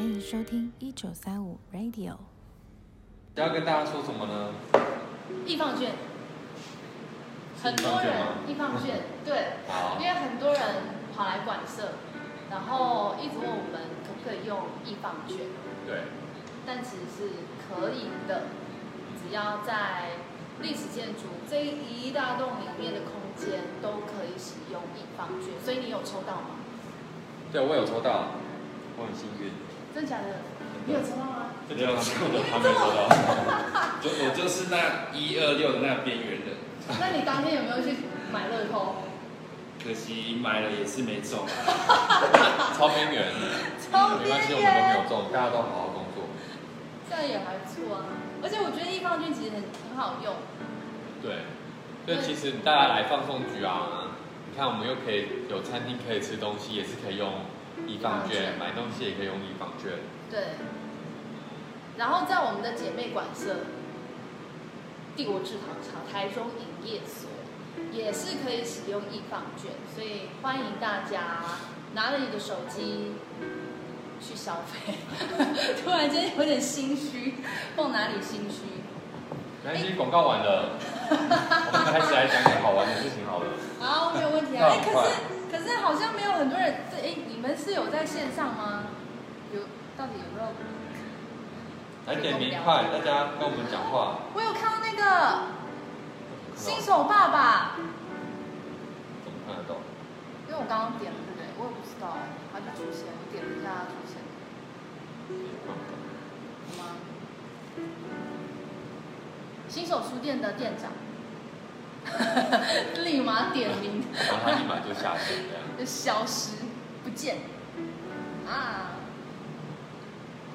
歡迎收聽1935一九三五 Radio。要跟大家說什麼呢？藝 FUN 券，很多人藝 FUN 券，對，因為很多人跑來館舍，然後一直問我們可不可以用藝 FUN 券，對，但其實是可以的，只要在歷史建築這一大棟裡面的空間都可以使用藝 FUN 券，所以你有抽到嗎？對我有抽到，我很幸運。真的假的？你有抽到嗎？沒有，沒有抽到沒有沒有我他沒抽到。我我就是那一二六的那邊緣的。那你當天有沒有去買樂透？呵呵呵可惜買了也是沒中、啊 超邊緣的，超邊緣。超邊緣。沒關係，我們都沒有中，大家都好好工作。這樣也還不錯啊，而且我覺得藝 FUN 券其實很很好用。對。所、嗯、以其實大家來放送局啊、嗯，你看我們又可以有餐廳可以吃東西，也是可以用。易放券，易放券。買東西也可以用易放券。對。然後在我們的姐妹館舍——帝國製糖廠台中營業所，也是可以使用易放券，所以歡迎大家拿了你的手機去消費。 突然間有點心虛，放哪裡心虛？哎，欸，其實廣告完了， 我們開始來講點好玩的就挺好的，好，沒有問題啊。哎， 欸，可是可是好像沒有很多人。你們是有在線上嗎？有，到底有沒有？來點名快，快，大家跟我們講話。 我有看到那個新手爸爸。怎麼看得到？因為我剛剛點了對不對？我也不知道、啊，他就出現，我點了一下他出現、嗯嗯。新手書店的店長， 立馬點名。 然後他立馬就下線，這樣 就消失。不見啊！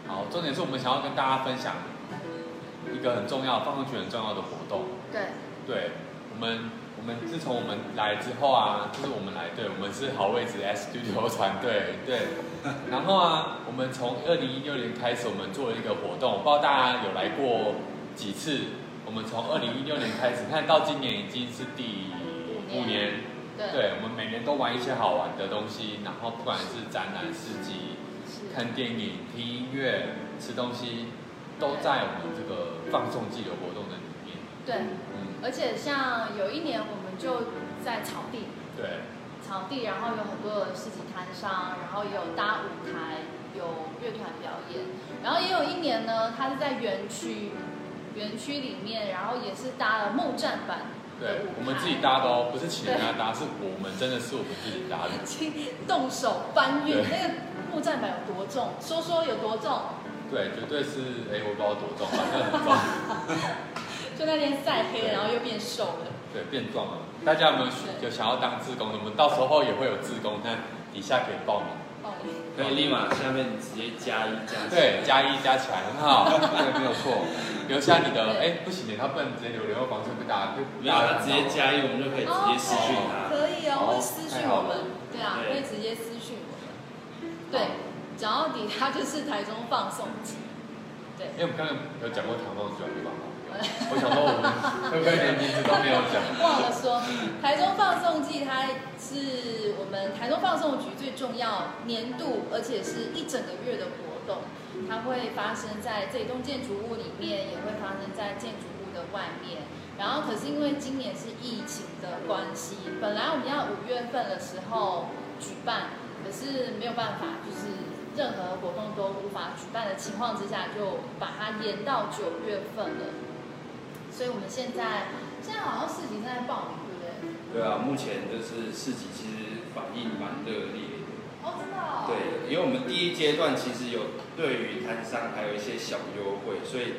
好，重點是我們想要跟大家分享一個很重要，放上去很重要的活動。對，對，我們我們自從我們來之後啊，就是我們來，對，我們是好位置 S -S Studio 團隊，對。然後啊，我們從二零一六年開始，我們做了一個活動，不知道大家有來過幾次？我們從二零一六年開始，看到今年已經是第五年。Yeah. 對，對，對，我們每年都玩一些好玩的東西，然後不管是展覽、市集、看電影、聽音樂、吃東西，都在我們這個放送季的活動的裡面。對，嗯，而且像有一年我們就在草地，對，草地，然後有很多的市集攤商，然後也有搭舞台、有樂團表演，然後也有一年呢，他是在園區，園區裡面，然後也是搭了木棧板。對，我們自己搭的哦，不是請人家搭，是我們真的是我們自己搭的。親，動手搬運那個木棧板有多重？說說有多重？對，絕對是，哎，我不知道多重，反正很 就那天曬黑，然後又變瘦了。對，變壯了。大家有沒有有想要當志工的？我們到時候也會有志工，那底下可以報名。對，立馬下面直接加一加起來。對，加一加起來很好，這 個沒有錯。留下你的，哎、欸，不行的，他不能直接留，留房子，留防住被打，不要他直接加一，我們就可以直接私訊他。Okay, 可以哦、喔，會私訊我們。對啊，會直接私訊我們。對，講、哦、到底，他就是台中放送。對，因、欸、為我們剛剛有講過台中放送局的方 我想到，我你，你一直都沒有講。 忘了說，台中放送季它是我們台中放送局最重要年度，而且是一整個月的活動。它會發生在這棟建築物裡面，也會發生在建築物的外面。然後，可是因為今年是疫情的關係，本來我們要五月份的時候舉辦，可是沒有辦法，就是任何活動都無法舉辦的情況之下，就把它延到九月份了。所以我們現在現在好像市集正在報名，對不對？對啊，目前就是市集其實反應蠻熱烈的。我知道。對，因為我們第一階段其實有對於攤商還有一些小優惠，所以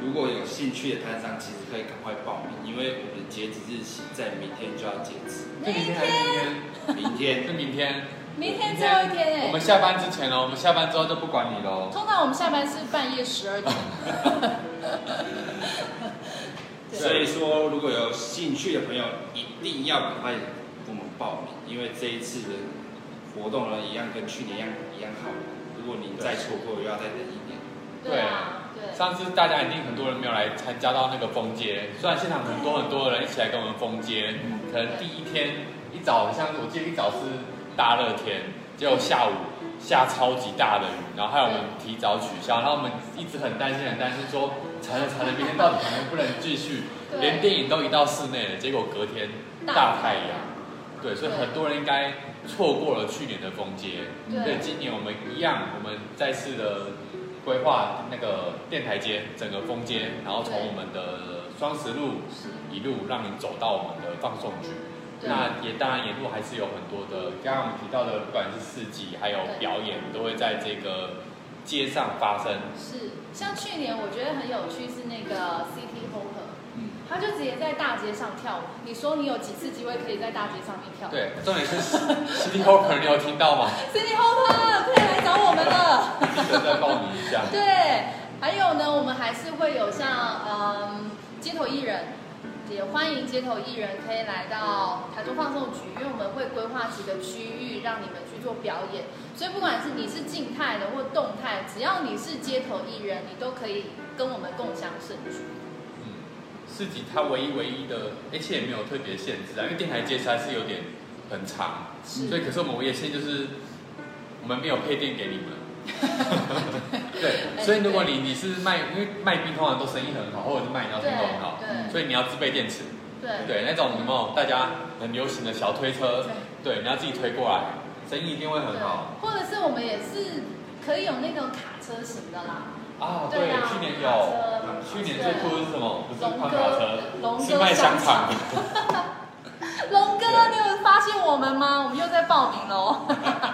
如果有興趣的攤商，其實可以趕快報名，因為我們截止日期在明天就要截止。那就明天，還是明天。明天。明天。明天。明天最後一天、欸、明天我們下班之前哦，我們下班之後都不管你嘍。通常我們下班是半夜十二點。 所以說，如果有興趣的朋友，一定要趕快給我們報名，因為這一次的活動呢，一樣跟去年一樣一樣好。如果你再錯過，又要再等一年。對啊，對。上次大家一定很多人沒有來參加到那個封街，雖然現場很多很多人一起來跟我們封街，可能第一天一早，好像我記得一早是大熱天，結果下午。下超級大的雨，然後還有我們提早取消，然後我們一直很擔心，很擔心、就是、說，查了查了，明天到底還能不能繼續？連電影都移到室內了，結果隔天大太陽，對，對，所以很多人應該錯過了去年的風街。對，今年我們一樣，我們再次的規劃那個電臺街，整個風街，然後從我們的雙十路一路讓您走到我們的放送局。那也當然，沿路還是有很多的。剛剛我們提到的，不管是市集還有表演，都會在這個街上發生。是。像去年我覺得很有趣是那個 City Hopper、嗯、他就直接在大街上跳舞。你說你有幾次機會可以在大街上面跳舞？對。重點是 City Hopper 你有聽到嗎 ？City Hopper 可以來找我們了！再報名一下。對。還有呢，我們還是會有像嗯街頭藝人。也歡迎街頭藝人可以來到台中放送局，因為我們會規劃幾個區域讓你們去做表演。所以不管是你是靜態的或動態，只要你是街頭藝人，你都可以跟我們共襄盛舉。嗯，市集？他唯一唯一的，而且也沒有特別限制啊，因為電台街是有點很長是，所以可是我們營業線就是我們沒有配電給你們。 對，所以如果你你是賣，因為賣冰通常都生意很好，或者是賣飲料生意都很好對對，所以你要自備電池。對，對，那種有沒有大家很流行的小推車？對，對對你要自己推過來，生意一定會很好。或者是我們也是可以有那種卡車型的啦。啊，對，對去年有，去年最酷是什麼？不是胖卡車，龍哥，龍哥賣香腸。龍哥、啊，你有，有發現我們嗎？我們又在報名嘍。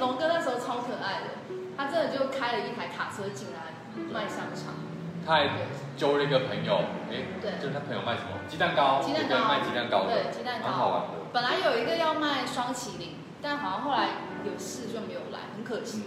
龍哥那時候超可愛的，他真的就開了一台卡車進來賣香腸。他還揪了一個朋友，哎、欸，就是他朋友賣什麼？雞蛋糕，雞蛋糕賣雞蛋糕的，對，雞蛋糕，好玩、啊、本來有一個要賣雙麒麟，但好像後來有事就沒有來，很可惜。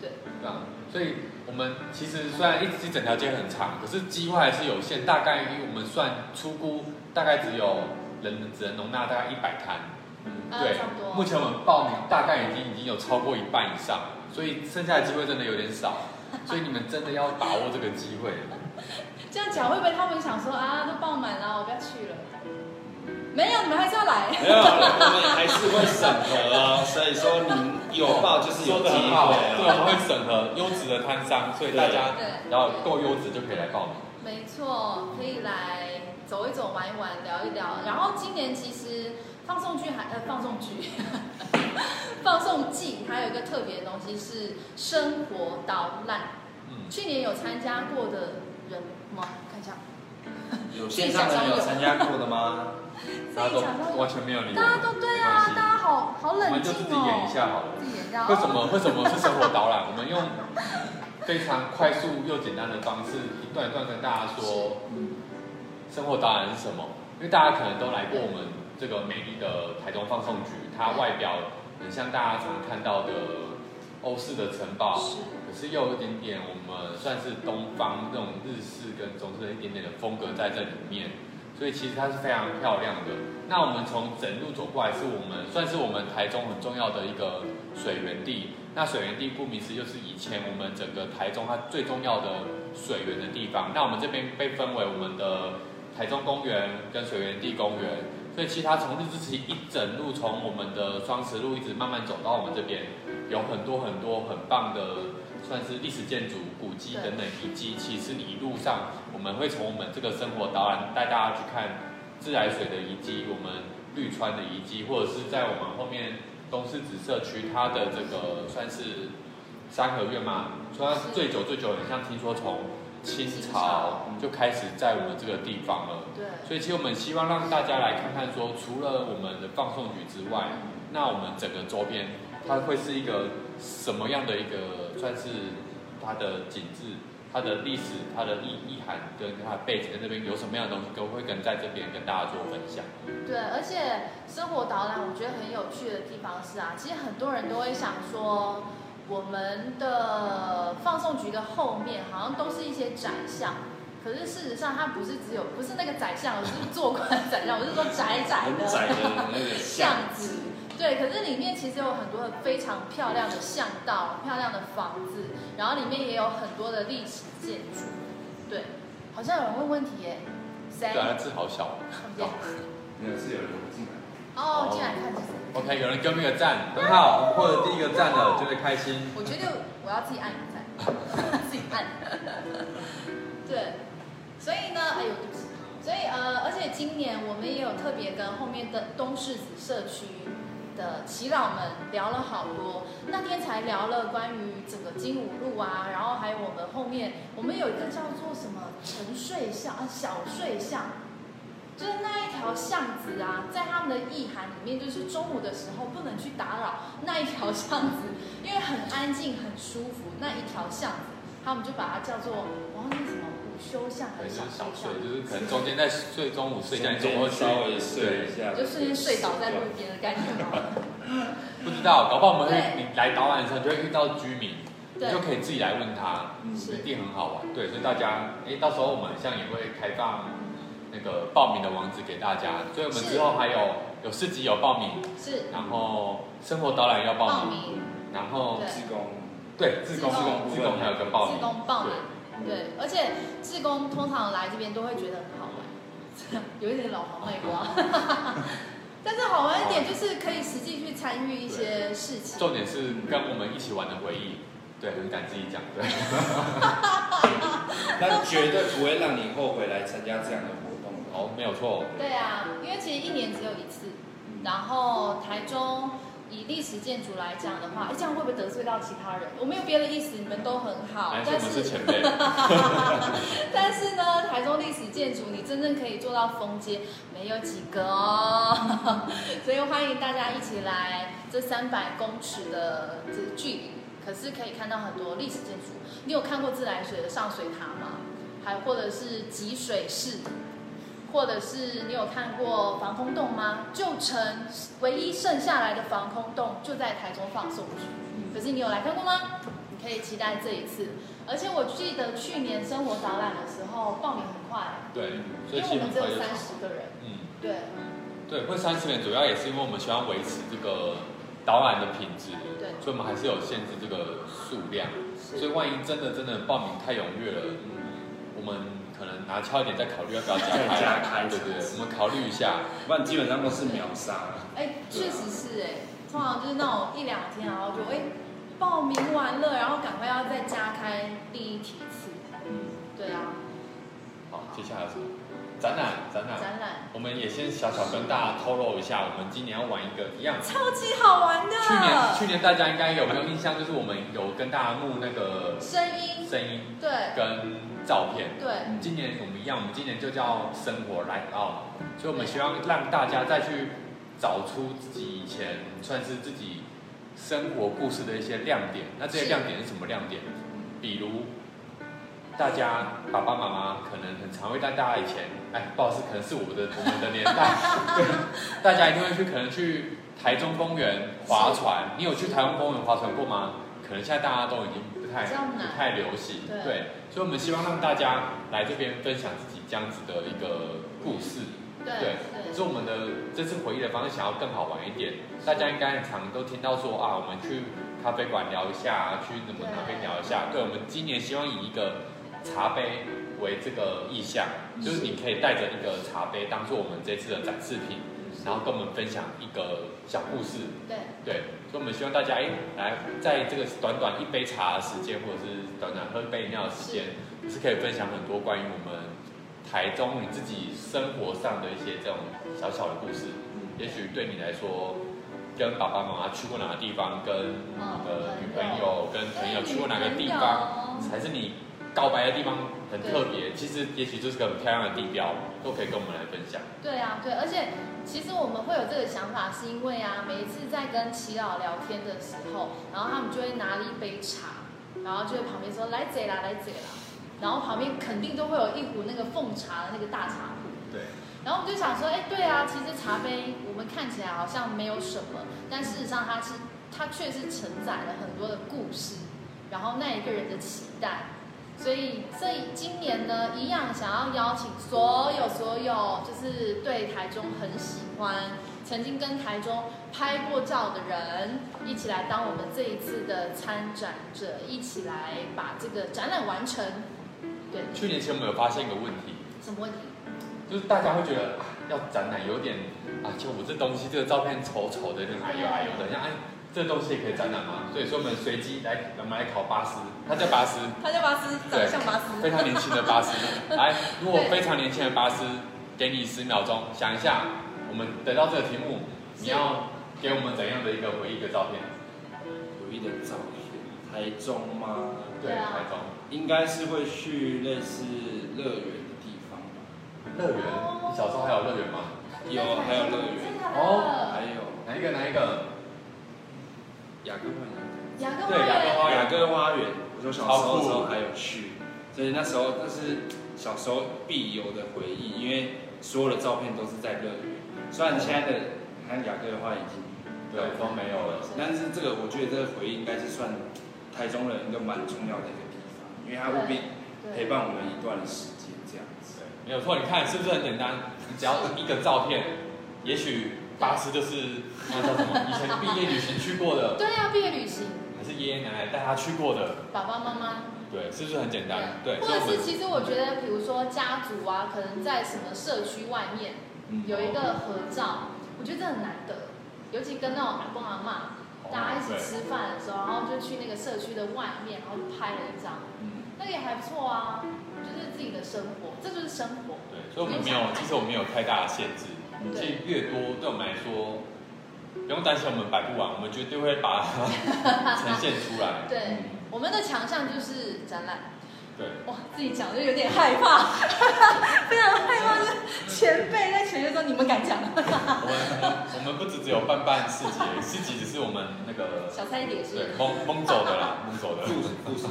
對。對啊，所以我們其實雖然一,一整條街很長，可是機會還是有限，大概我們算粗估，大概只有能只能容納大概一百攤。嗯啊、對，目前我們報名大概已經、嗯、已經有超過一半以上，所以剩下的機會真的有點少，所以你們真的要把握這個機會。 這樣講會不會他們想說啊，都報滿了，我不要去了？沒有，你們還是要來。沒有，我們還是會審核， 所以說你有報就是有機會，對，對對我們會審核優質的攤商，所以大家然後夠優質就可以來報名。沒錯，可以來走一走、玩一玩、聊一聊，然後今年其實。放送局還呃放送局，放送季還有一個特別的東西是生活導覽、嗯。去年有參加過的人嗎？看一下。有線上的有參加過的嗎？線 上完全沒有，大家都對啊，大家好好冷靜、哦、我們就自己演一下好了。自己演一下啊，為什麼為什麼是生活導覽？ 我們用非常快速又簡單的方式，一段一段跟大家說、嗯、生活導覽是什麼？因為大家可能都來過我們。這個美麗的台中放送局，它外表很像大家常看到的歐式的城堡，可是又有一點點我們算是東方那種日式跟中式的一點點的風格在這裡面，所以其實它是非常漂亮的。那我們從整路走過來，是我們算是我們台中很重要的一個水源地。那水源地顧名思義，就是以前我們整個台中它最重要的水源的地方。那我們這邊被分為我們的台中公園跟水源地公園。所以其他從日治時期一整路，從我們的雙十路一直慢慢走到我們這邊，有很多很多很棒的，算是歷史建築、古蹟等等遺蹟。其實一路上我們會從我們這個生活導覽帶大家去看自來水的遺蹟，我們綠川的遺蹟，或者是在我們後面東四子社區它的這個算是三合院嘛，算是最久最久，很像聽說從。清朝就開始在我們這個地方了，對。所以其實我們希望讓大家來看看，說除了我們的放送局之外，嗯、那我們整個周邊它會是一個什麼樣的一個算是它的景致、它的歷史、它的意意涵跟它的背景，在這邊有什麼樣的東西，都會跟在這邊跟大家做分享。對，而且生活導覽，我覺得很有趣的地方是啊，其實很多人都會想說。我們的放送局的後面好像都是一些窄巷，可是事實上它不是只有，不是那個宰相，而是做官宰相。我是說窄窄的，窄的那個巷，子 巷子。對，可是裡面其實有很多非常漂亮的巷道、漂亮的房子，然後裡面也有很多的歷史建築。對，好像有人問問題耶。對、啊，字好小。對。應該是有人要進來。哦、oh, oh.，進來看。Oh. OK，有人給我們一個讚很好，獲得第一個讚的覺得開心。我覺得我要自己按一個讚，自己按。 對，所以呢，哎呦，對不起，所以呃，而且今年我們也有特別跟後面的東勢子社區的耆老們聊了好多。那天才聊了關於整個精武路啊，然後還有我們後面，我們有一個叫做什麼沉睡巷啊，小睡巷。就是那一條巷子啊，在他們的意涵裡面，就是中午的時候不能去打擾那一條巷子，因為很安靜、很舒服。那一條巷子，他們就把它叫做……哇，那什麼午休巷還、就是小睡巷？就是可能中間在睡中午睡一下，中午稍微睡一下，就瞬間睡倒在路邊的感覺嗎？ 不知道，搞不好我們來導覽的時候就會遇到居民，對，就可以自己來問他，一定很好玩。對，所以大家，哎、欸，到時候我們好像也會開放。那個報名的網址給大家，所以我們之後還有有市集有報名，是，然後生活導覽要報名，報名，然後志工，對，志工志工還有個報名，志工報名，對，嗯、對，而且志工通常來這邊都會覺得很好玩， 有一點老黃賣瓜，但是好玩一點就是可以實際去參與一些事情，重點是跟我們一起玩的回憶，對，很敢自己講，對， 但絕對不會讓你後悔來參加這樣的。哦、沒有錯、哦。對啊，因為其實一年只有一次，然後台中以歷史建築來講的話，哎，這樣會不會得罪到其他人？我沒有別的意思，你們都很好。還是但是，不是前輩。 但是呢，台中歷史建築你真正可以做到封街，沒有幾個哦。所以歡迎大家一起來這三百公尺的距離，可是可以看到很多歷史建築。你有看過自來水的上水塔嗎？還或者是集水式？或者是你有看過防空洞嗎？舊城唯一剩下來的防空洞就在台中放送局。可是你有來看過嗎？你可以期待這一次。而且我記得去年生活導覽的時候報名很快、欸，對，因為我們只有三十個人、嗯，對，對，會三十名主要也是因為我們喜歡維持這個導覽的品質，對，所以我們還是有限制這個數量，所以萬一真的真的報名太踴躍了、嗯，我們。可能拿翹一點再考慮要不要加開， 再加開 對對，對對，我們考慮一下，不然基本上都是秒殺。哎，確、啊、實是哎，通常就是那種一兩天，然後就哎報名完了，然後趕快要再加開第一批次，對啊。好，接下來是什麼？展覽，展覽，展覽，我們也先小小跟大家透露一下，我們今年要玩一個一樣超級好玩的。去年，去年大家應該有沒有印象，就是我們有跟大家錄那個聲音，聲音，對，跟照片，對。今年我們一樣，我們今年就叫生活 light out，所以我們希望讓大家再去找出自己以前算是自己生活故事的一些亮點。那這些亮點是什麼亮點？比如。大家爸爸媽媽可能很常會帶大家以前。哎，不好意思，可能是我的、我們的年代， 對，大家一定會去，可能去台中公園划船。你有去台中公園划船過嗎？可能現在大家都已經不太、不太流行對，對。所以我們希望讓大家來這邊分享自己這樣子的一個故事，對。對對，所以我們的這次回憶的方式想要更好玩一點。大家應該很常都聽到說啊，我們去咖啡館聊一下，去怎麼哪邊聊一下對。對，我們今年希望以一個茶杯為這個意象，就是你可以帶着一個茶杯當做我們這次的展示品，然後跟我們分享一個小故事。對，對，所以我們希望大家哎來，在這個短短一杯茶的時間，或者是短短喝一杯飲料的時間是，是可以分享很多關於我們台中你自己生活上的一些這種小小的故事。也許對你來說，跟爸爸媽媽去過哪個地方，跟你的女朋友、哦、跟朋友去過哪個地方，才是你。告白的地方很特別，其實也許就是個很漂亮的地標，啊，都可以跟我們來分享。對啊，對，而且其實我們會有這個想法，是因為啊，每一次在跟耆老聊天的時候，然後他們就會拿了一杯茶，然後就在旁邊說：“來這個啦，來這啦。”然後旁邊肯定都會有一壺那個奉茶的那個大茶壺。對。然後我們就想說：“哎、欸，對啊，其實茶杯我們看起來好像沒有什麼，但事實上它是它確實承載了很多的故事，然後那一個人的期待。”所以這今年呢，一樣想要邀請所有所有，就是對台中很喜歡，曾經跟台中拍過照的人，一起來當我們這一次的參展者，一起來把這個展覽完成。對，去年前我們有發現一個問題，什麼問題？就是大家會覺得，啊、要展覽有點啊，就我這東西，這個照片醜丑的，啊、有點哎呦等一下，哎。這東西也可以展覽嗎？所以說我們隨機來，來，來，來考巴斯，他叫巴斯， 他叫巴，巴斯，對，像巴斯，非常年輕的巴斯。 來，如果非常年輕的巴斯，給你十秒鐘想一下，我們得到這個題目，你要給我們怎樣的一個回憶的照片？回憶的照片，台中嗎？對，對啊、台中，應該是會去類似樂園的地方，啊。樂園，你小時候還有樂園嗎？啊、有，還有樂園哦，還有哪一個？哪一個？亞哥花園，對，亞哥花園，我說小時候時候還有去，所以那時候那是小時候必有的回憶，因為所有的照片都是在那。雖然現在的看亞哥的話已經對都沒有了，但是這個我覺得這個回憶應該是算台中人一個蠻重要的一個地方，因為它會陪陪伴我們一段時間這樣子。子。沒有錯，你看是不是很簡單？你只要一個照片，也許。八十就是什麼？以前畢業旅行去過的， 對啊，畢業旅行還是爺爺奶奶帶他去過的，爸爸媽媽，對，是不是很簡單？對，對或者是其實我覺得，比如說家族啊，可能在什麼社區外面，嗯、有一個合照，Okay. 我覺得這很難得，尤其跟那種阿公阿媽，大家一起吃飯的時候，然後就去那個社區的外面，然後就拍了一張，嗯，那個也還不錯啊，就是自己的生活，這就是生活，對，所以我們沒有，沒有其實我們沒有太大的限制。越越多，對我們來說，不用擔心我們擺不完，我們絕對會把它 呈現出來。對，我們的強項就是展覽。對，哇，自己講就有點害怕，非 常害怕。是前輩在前面說，你們敢講？ 我，們我們不只只有半半世紀，四 紀只是我們那個小菜一碟，對，蒙蒙走的啦， 蒙走的。故事故事。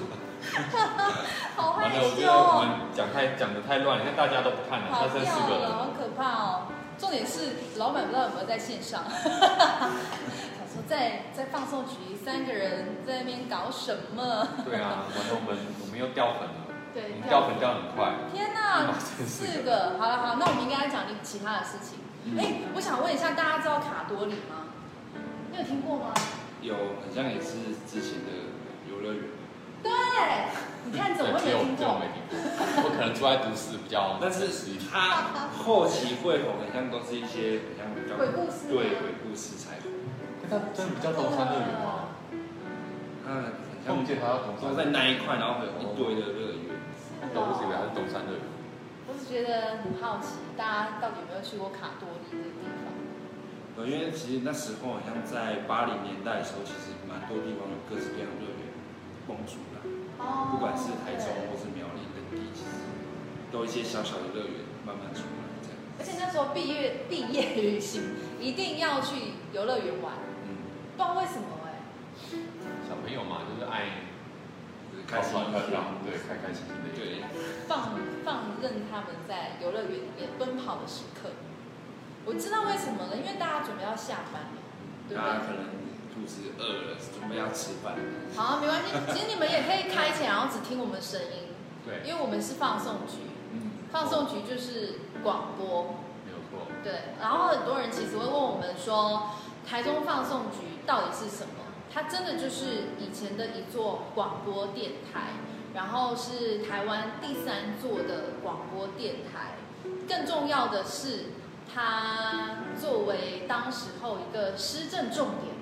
好害羞哦。我覺得我們講太講得太亂了，現在大家都不看了，還、哦、剩四個人，好可怕哦。重點是老闆不知道有沒有在線上，他 說在在放送局三個人在那邊搞什麼？對啊，我們我們又掉粉了，對，我們掉粉掉很快。天哪、啊， 四個，好了好，那我們應該講你其他的事情。哎、嗯，欸，我想問一下，大家知道卡多里嗎？你有聽過嗎？有，很像也是之前的遊樂園。對，你看，怎麼會沒聽過？欸、我，我，聽過 我可能住在都市比較， 但是他後期會紅很像都是一些，很像比較鬼故事。對， 鬼故事才。他真的比較東山樂園嗎？嗯，好、嗯、像都在那一塊，然後會有一堆的，樂園，東山樂園還是東山樂園。我是覺得很好奇，大家到底有沒有去過卡多里的這個地方？我因為其實那時候好像在八零年代的時候，其實蠻多地方有各式各樣的樂園。公主啦，不管是台中或是苗栗等地，其實都一些小小的樂園，慢慢出來這樣。而且那時候畢業畢業旅行一定要去遊樂園玩，嗯，不知道為什麼、欸、小朋友嘛，就是愛，就是開心對，對，開開心心的對，放放任他們在遊樂園裡面奔跑的時刻。我知道為什麼了，因為大家準備要下班了，嗯、對不對？可能肚子餓了，準備要吃飯。好，沒關係。其實你們也可以開起來，然後只聽我們聲音。對，因為我們是放送局。嗯。放送局就是廣播。沒有錯。對，然後很多人其實會問我們說，台中放送局到底是什麼？它真的就是以前的一座廣播電台，然後是台灣第三座的廣播電台。更重要的是，它作為當時候一個施政重點。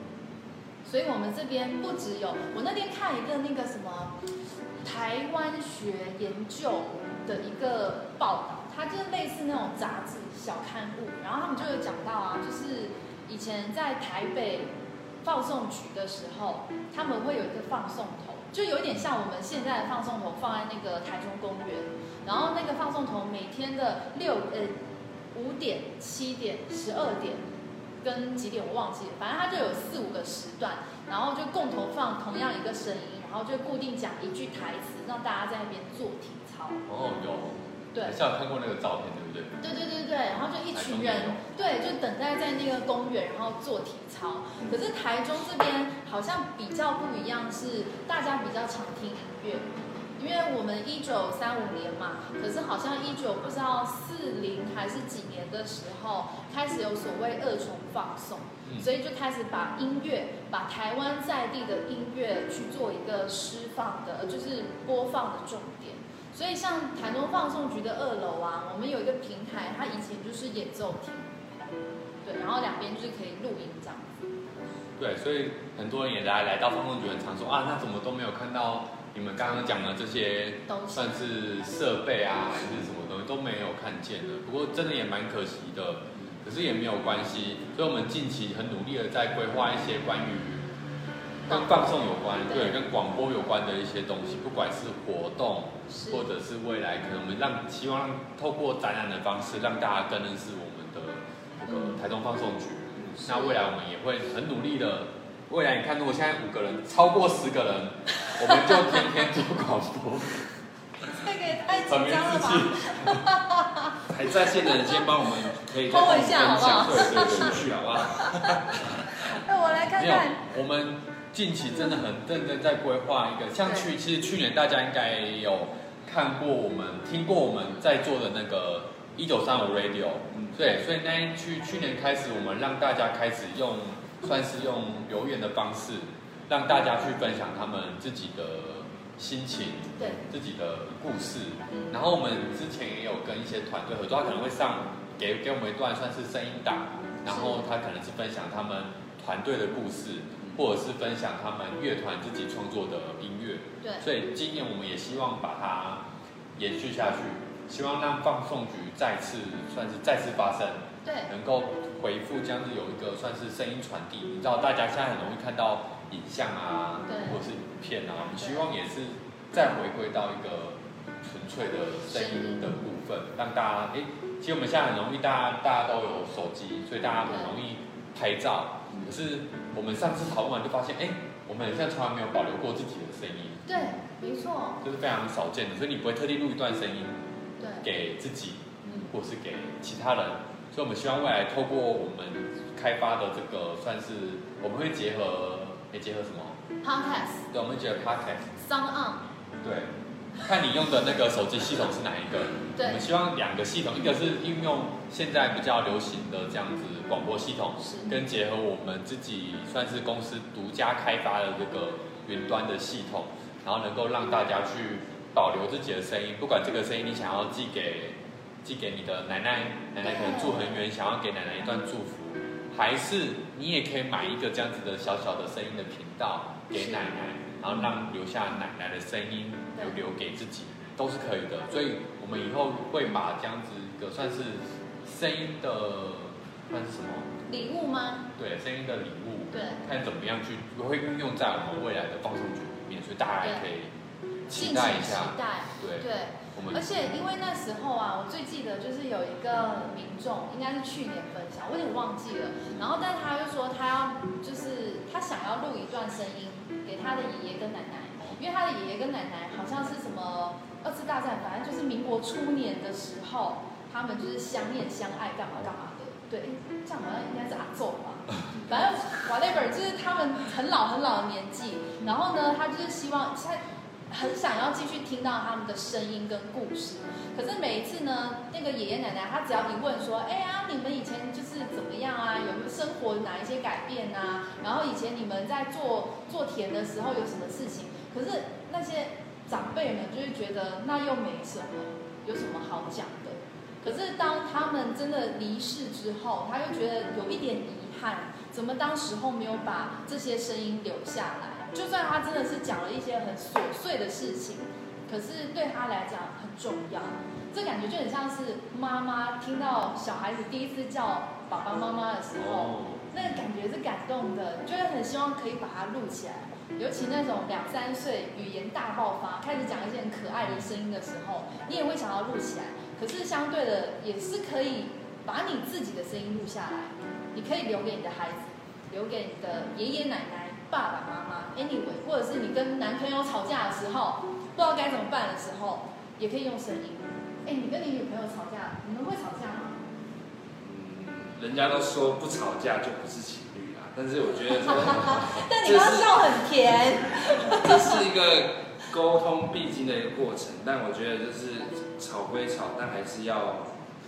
所以，我們這邊不只有我那天看一個那個什麼台灣學研究的一個報道，它就是類似那種雜誌小刊物，然後他們就有講到啊，就是以前在台北放送局的時候，他們會有一個放送頭，就有一點像我們現在的放送頭放在那個台中公園。然後那個放送頭每天的六呃五點、七點、十二點。跟幾點我忘記了，反正它就有四五個時段，然後就共同放同樣一個聲音，然後就固定講一句台詞，讓大家在那邊做體操。哦，有。對。好像看過那個照片，對不對？對對對對，然後就一群人，對，就等待在那個公園，然後做體操。可是台中這邊好像比較不一樣，是大家比較常聽音樂。因為我們一九三五年嘛，可是好像一九不知道四零還是幾年的時候，開始有所謂二重放送、嗯，所以就開始把音樂，把台灣在地的音樂去做一個釋放的，就是播放的重點。所以像台中放送局的二樓啊，我們有一個平台，它以前就是演奏廳，對，然後兩邊就是可以錄音這樣子。對，所以很多人也來來到放送局，很常說啊，那怎麼都沒有看到，你們剛剛講的這些，算是設備啊，還是什麼東西都沒有看見的。不過真的也蠻可惜的，可是也沒有關係。所以我們近期很努力的在規劃一些關於跟放送有關，對，跟廣播有關的一些東西，不管是活動，或者是未來可能我們讓希望透過展覽的方式讓大家更認識我們的這個台中放送局。那未來我們也會很努力的。未來你看，如果現在五個人超過十個人， 我們就天天做廣播，這個也太緊張了吧？哈 還在線的人先幫我們 可以分享， 對對 對，去好不好？那我來看看，沒有，我們近期真的很認真在規劃一個，像去，其實去年大家應該有看過我們聽過我們在做的那個一九三五 Radio，對，所以那一去去年開始，我們讓大家開始用。算是用留言的方式，讓大家去分享他們自己的心情，對，自己的故事。然後我們之前也有跟一些團隊合作，嗯，他可能會上給給我們一段算是聲音檔，然後他可能是分享他們團隊的故事，或者是分享他們樂團自己創作的音樂。對，所以今年我們也希望把它延續下去，希望讓放送局再次算是再次發聲，對，能夠，回復這樣子，有一個算是聲音傳遞。你知道大家現在很容易看到影像啊，對，或者是影片啊，你希望也是再回歸到一個純粹的聲音的部分，讓大家哎、欸，其實我們現在很容易，大家大家都有手機，所以大家很容易拍照，可是我們上次討論完就發現，哎、欸，我們現在從來沒有保留過自己的聲音，對，沒錯，就是非常少見的，所以你不會特地錄一段聲音，對，給自己。或是給其他人，所以我們希望未來透過我們開發的這個，算是我們會結合，誒，結合什麼？Podcast。對，我們會結合 Podcast。SoundOn。對，看你用的那個手機系統是哪一個？ 對。我們希望兩個系統，一個是應用現在比較流行的這樣子廣播系統，嗯，跟結合我們自己算是公司獨家開發的這個雲端的系統，然後能夠讓大家去保留自己的聲音，不管這個聲音你想要寄給。寄給你的奶奶，奶奶可能住很遠，想要給奶奶一段祝福，還是你也可以買一個這樣子的小小的聲音的頻道給奶奶，然後讓留下奶奶的聲音，留留給自己，都是可以的。所以我們以後會把這樣子一個算是聲音的，算是什麼？禮物嗎？對，聲音的禮物，對，看怎麼樣去會運用在我們未來的放送局裡面。所以大家也可以期待一下，對對。對而且因為那時候啊，我最記得就是有一個民眾，應該是去年分享，我有點忘記了。然後，但是他就說他要，就是他想要錄一段聲音給他的爺爺跟奶奶，因為他的爺爺跟奶奶好像是什麼二次大戰，反正就是民國初年的時候，他們就是相戀相愛幹嘛幹嘛的。對，這樣好像應該是阿祖吧。反正 whatever 就是他們很老很老的年紀。然後呢，他就是希望他。很想要繼續聽到他們的聲音跟故事，可是每一次呢，那個爺爺奶奶他只要一問說，哎呀，你們以前就是怎麼樣啊？有沒有生活哪一些改變啊？然後以前你們在做做田的時候有什麼事情？可是那些長輩們就會覺得那又沒什麼，有什麼好講的？可是當他們真的離世之後，他又覺得有一點遺憾，怎麼當時候沒有把這些聲音留下來？就算他真的是講了一些很瑣碎的事情，可是對他來講很重要。這感覺就很像是媽媽聽到小孩子第一次叫爸爸媽媽的時候，那個感覺是感動的，就是很希望可以把它錄起來。尤其那種兩三歲語言大爆發，開始講一些很可愛的聲音的時候，你也會想要錄起來。可是相對的，也是可以把你自己的聲音錄下來，你可以留給你的孩子，留給你的爺爺奶奶。爸爸媽媽，anyway，或者是你跟男朋友吵架的時候，不知道該怎麼辦的時候，也可以用聲音。哎、欸，你跟你女朋友吵架，你們會吵架嗎？嗯，人家都說不吵架就不是情侶啦，但是我覺得說，哈 但你剛剛笑很甜。 這是一個溝通必經的一個過程，但我覺得就是吵歸吵，但還是要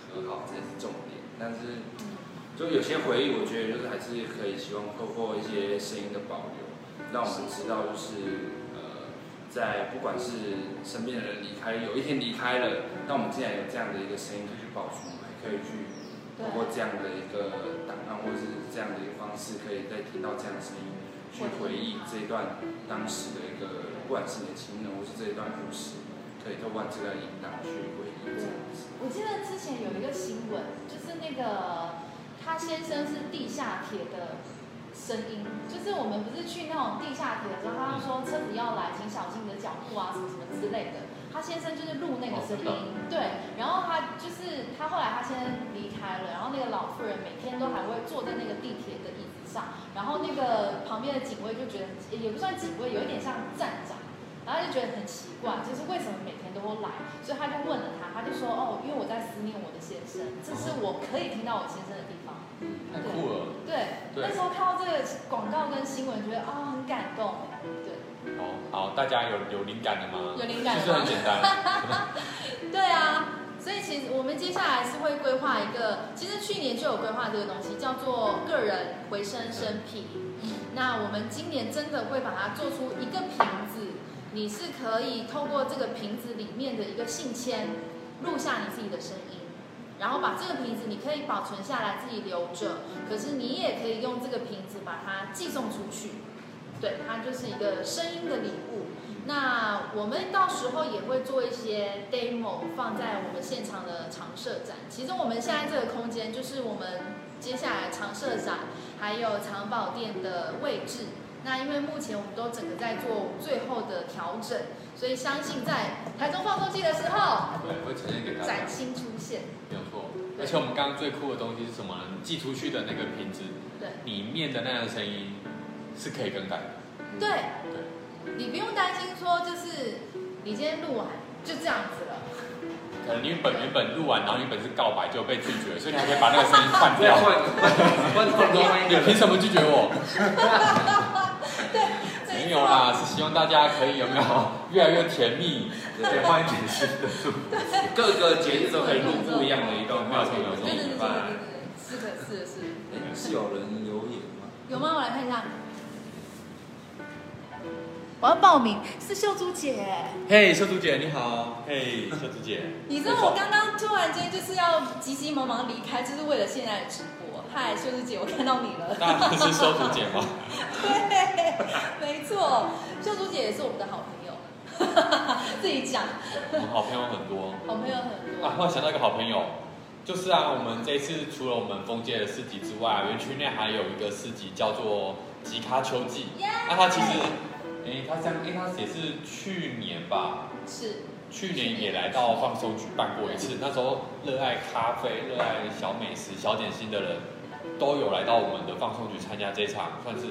和好才是重點。但是。就有些回憶，我覺得就是還是可以希望透過一些聲音的保留，讓我們知道就是呃，在不管是身邊的人離開，有一天離開了，那我們竟然有這樣的一個聲音可以去保存，還可以去透過這樣的一個檔案或者是這樣的一個方式，可以再聽到這樣的聲音，去回憶這一段當時的一個，不管是你的親人或是這一段故事，可以透過這個音檔去回憶這樣子。我記得之前有一個新聞，就是那個。他先生是地下鐵的聲音，就是我們不是去那種地下鐵的時候，就是、他會說車子要來，請小心你的腳步啊，什麼什麼之類的。他先生就是錄那個聲音，對。然後他就是他後來他先離開了，然後那個老婦人每天都還會坐在那個地鐵的椅子上，然後那個旁邊的警衛就覺得也不算警衛，有一點像站長。然後就覺得很奇怪，就是為什麼每天都會來，所以他就問了他，他就說：“哦，因為我在思念我的先生，這是我可以聽到我先生的地方。啊”太酷了對！對，那時候看到這個廣告跟新聞，覺得啊、哦，很感動。對。哦，好，大家有有靈感了嗎？有靈感，其實很簡單。 對啊，所以其實我們接下來是會規劃一個，其實去年就有規劃這個東西，叫做個人回聲聲瓶。嗯。那我們今年真的會把它做出一個瓶子。你是可以透過這個瓶子裡面的一個信籤錄下你自己的聲音，然後把這個瓶子，你可以保存下來自己留着，可是你也可以用這個瓶子把它寄送出去，對，它就是一個聲音的禮物。那我們到時候也會做一些 demo 放在我們現場的常設展。其實我們現在這個空間就是我們接下來常設展還有藏寶店的位置。那因為目前我們都整個在做最後的調整，所以相信在台中放送局的時候，對，會呈現給大家嶄新出現。沒有錯，而且我們剛剛最酷的東西是什麼呢？寄出去的那個瓶子，對，裡面的那個聲音是可以更改的。對，對你不用擔心說，就是你今天錄完就這樣子了。可能你本原本錄完，然後原本是告白就被拒絕了，所以你可以把那個聲音換掉。 你憑什麼拒絕我？ 對，沒有啦，對，是希望大家可以有沒有越來越甜蜜，對，歡迎全新的各個節日都很入不一樣的一個妙趣橫生的夜晚。對對對對對，四個四個是個。是有人留言嗎？有嗎？我來看一下。我要報名，是秀珠姐。嘿、hey,，秀珠姐，你好。嘿、hey,，秀珠姐。 你知道我剛剛突然間就是要急急忙忙離開，就是為了現在的直播。嗨，秀珠姐，我看到你了。那你是秀珠姐嗎？對、 hey, 沒錯，沒錯，秀珠姐也是我們的好朋友。 自己講。我們好朋友很多。好朋友很多。啊，我想到一個好朋友，就是啊，我們這一次除了我們封街的市集之外啊，園區內還有一個市集叫做吉卡秋季。Yeah! 那它其實。哎、欸，他這樣，哎、欸，他也是去年吧？是，去年也來到放送局辦過一次。那時候，熱愛咖啡、熱愛小美食、小點心的人，都有來到我們的放送局參加這場，算是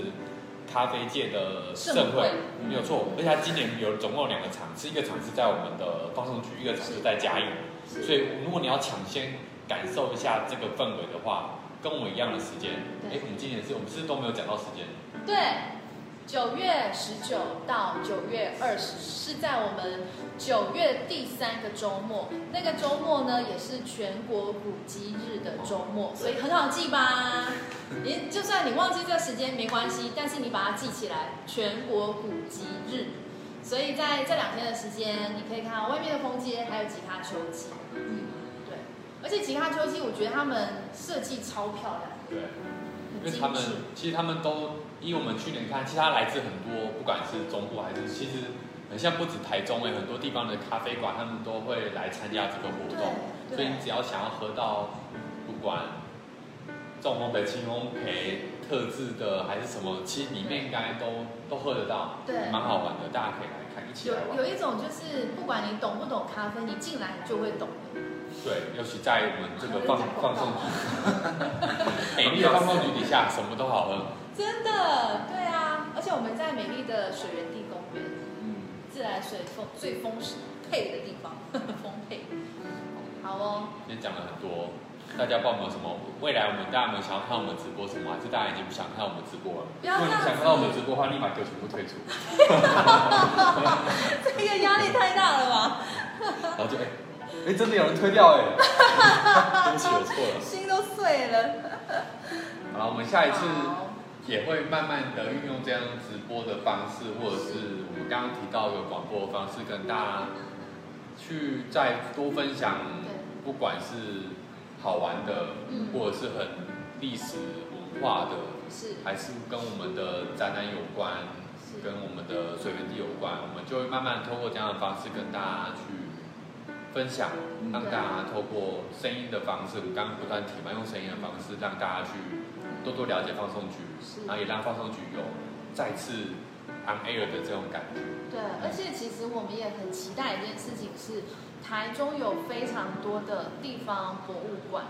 咖啡界的盛會，盛會嗯、沒有錯。而且他今年有總共兩個場，是一個場是在我們的放送局，一個場是在嘉義。所以，如果你要搶先感受一下這個氛圍的話，跟我們一樣的時間。哎、欸，我們今年是，我們是都沒有講到時間。對。九月十九到九月二十，是在我們九月第三個周末，那個周末呢，也是全國古蹟日的周末，所以很好記吧？ 你就算你忘記這時間沒關係，但是你把它記起來，全國古蹟日。所以在這兩天的時間，你可以看到外面的風景，還有吉他秋季。嗯，對。而且吉他秋季我覺得他們設計超漂亮。對，很精緻，因為他們其實他們都。因為我們去年看，其他來自很多，不管是中部還是，其實很像不止台中哎、欸，很多地方的咖啡館他們都會來參加這個活動，所以你只要想要喝到，不管重烘焙、輕烘焙特制的還是什麼，其實裡面應該都都喝得到，對，蠻好玩的，大家可以來看一起來玩。有，有一種就是不管你懂不懂咖啡，你進來就會懂。對，尤其在我們這個放放送局，美麗的放送局底下，什麼都好喝。真的，對啊，而且我們在美麗的水源地公園，嗯，自來水風最豐沛的地方，豐沛、嗯好。好哦。今天講了很多，大家不知道我們有什麼？未來我們大家有沒有想要看我們直播？什麼？還是大家已經不想看我們直播了？如不要如果你想看到我們直播的話，立馬就全部退出。 這個壓力太大了吧？ 然後就哎，哎、欸欸，真的有人推掉哎、欸！真是我錯了，心都碎了。 好了，我們下一次。好好好也會慢慢的運用這樣直播的方式，或者是我們剛剛提到的廣播的方式，跟大家去再多分享，不管是好玩的，或者是很歷史文化的，還是跟我們的展覽有關，跟我們的水源地有關，我們就會慢慢透過這樣的方式跟大家去分享，讓大家透過聲音的方式，我們剛剛不斷提嘛，用聲音的方式讓大家去。多多了解放送局是，然後也讓放送局有再次 on air 的這種感覺。對，而且其實我們也很期待一件事情，是台中有非常多的地方博物館，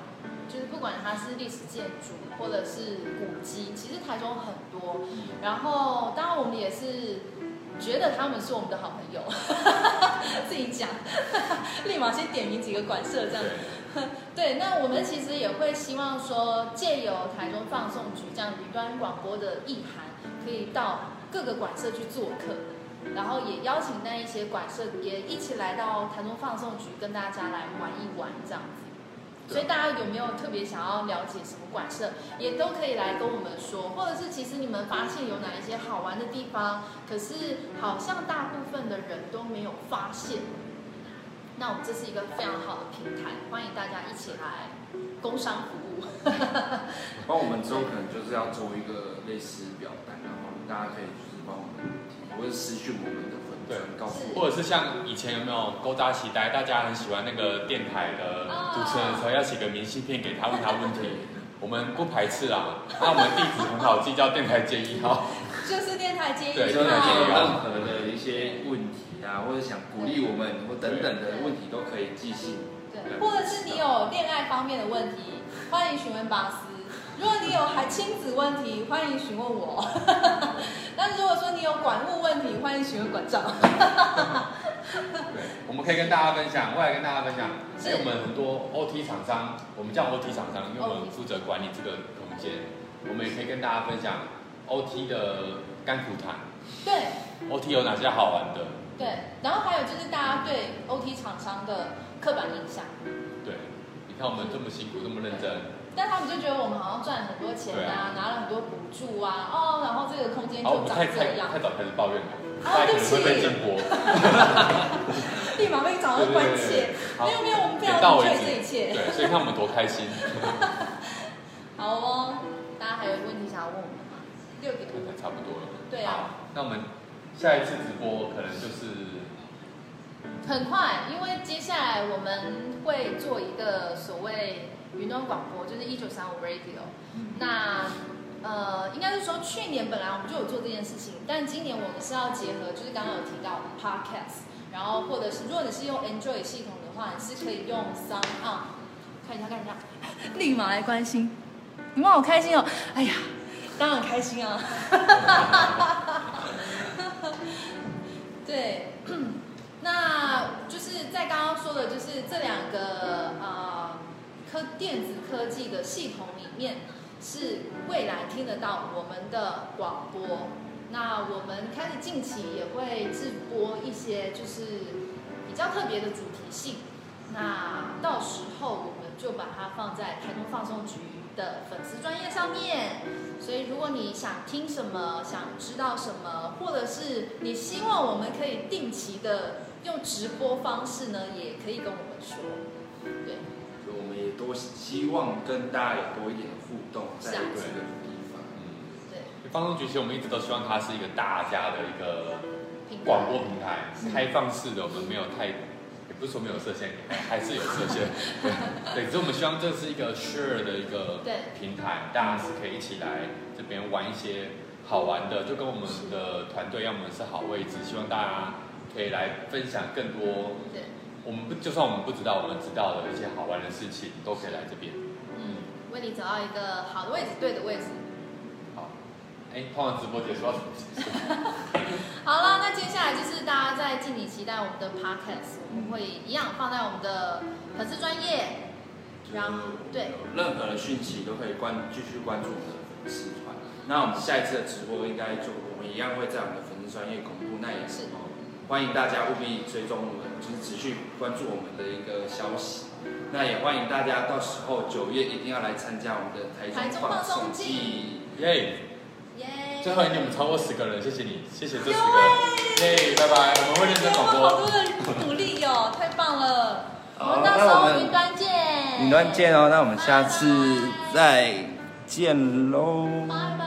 就是不管它是歷史建築或者是古蹟，其實台中很多。然後，當然我們也是覺得他們是我們的好朋友， 自己講，立馬先點名幾個館舍這樣。 對，那我們其實也會希望說，借由台中放送局這樣一端廣播的意涵，可以到各個館舍去做客，然後也邀請那一些館舍也一起來到台中放送局跟大家來玩一玩這樣子。所以大家有沒有特別想要了解什麼館舍，也都可以來跟我們說，或者是其實你們發現有哪一些好玩的地方，可是好像大部分的人都沒有發現。那我們這是一個非常好的平台，歡迎大家一起來工商服務。幫 我們之後可能就是要做一個類似表單，然後大家可以就是幫我們提，或者私訊我們的粉絲，告訴我或者是像以前有沒有勾搭期待，大家很喜歡那個電台的主持人，說要寫個明信片給他，啊、問他問題， 我們不排斥啦、啊。那、 啊、我們地址很好記，就叫電台街一號、啊 啊。就是電台街一號。對，有任何的一些問題。或者想鼓勵我們，或等等的問題都可以繼續。對,對,對,對，或者是你有戀愛方面的問題，對對對對歡迎詢問巴斯。如果你有還親子問題，歡迎詢問我。 但是如果說你有館務問題，歡迎詢問館長。 對，我們可以跟大家分享，我也跟大家分享。是我們很多 OT 廠商，我們叫 OT 廠商，因為我們負責管理這個空間。Okay. 我們也可以跟大家分享 OT 的甘苦談。對，OT 有哪些好玩的？對，然後還有就是大家對 OT 廠商的刻板印象。對，你看我們這麼辛苦，嗯、這麼認真。但他們就覺得我們好像賺了很多錢啊，啊，拿了很多補助啊，哦，然後這個空間就長這樣太，太早開始抱怨了。哦、啊啊，對不起。 立馬被找到關切，沒有沒有，我 對們非常感謝這一切。對，所以看我們多開心。 好哦，大家還有問題想要問我們嗎？六點。可能差不多了。對啊，那我們。下一次直播可能就是很快，因為接下來我們會做一個所謂雲端廣播，就是一九三五 Radio 那。那呃，應該是說去年本來我們就有做這件事情，但今年我們是要結合，就是剛剛有提到的 Podcast，然後或者是如果你是用 Android 系統的話，你是可以用 Sound On 看一下，看一下，立馬來關心，你們好開心哦！哎呀，當然開心啊！ 對，那就是在剛剛說的，就是這兩個啊、呃、科電子科技的系統裡面，是未來聽得到我們的廣播。那我們開始近期也會直播一些，就是比較特別的主題性。那到時候我們就把它放在台中放送局的粉絲專頁上面。所以，如果你想聽什麼，想知道什麼，或者是你希望我們可以定期的用直播方式呢，也可以跟我們說，對。所以我們也多希望跟大家有多一點的互動，在這個地方。對。放送局其實，我們一直都希望它是一個大家的一個廣播平台，開放式的，我們沒有太。不是說沒有設限，還是有設限。對，對，只是我們希望這是一個 share 的一個平台，大家是可以一起來這邊玩一些好玩的，就跟我們的團隊要麼是好位置，希望大家可以來分享更多。對，我們就算我們不知道，我們知道的一些好玩的事情，都可以來這邊。嗯，為你找到一個好的位置，對的位置。好，哎，碰到，直播知道說什麼？是 好了，那接下來就是大家在敬請期待我們的 Podcast，我們會一樣放在我們的粉絲專頁，然後對，任何的訊息都可以關繼續關注我們的粉絲團。那我們下一次的直播應該做，我們一樣會在我們的粉絲專頁公布，那也是哦，歡迎大家務必追蹤我們，就是持續關注我們的一個消息。那也歡迎大家到時候九月一定要來參加我們的台中放送祭。耶！Yeah! 最後一天我們超過十個人，謝謝你，謝謝這十個人，嘿，拜、yeah, 拜，我們會認真廣播。好多的努力喲、哦， 太棒了，好，我們到時候雲端見。雲端見哦，那我們下次再見嘍。Bye bye bye. Bye bye. 拜拜。拜拜。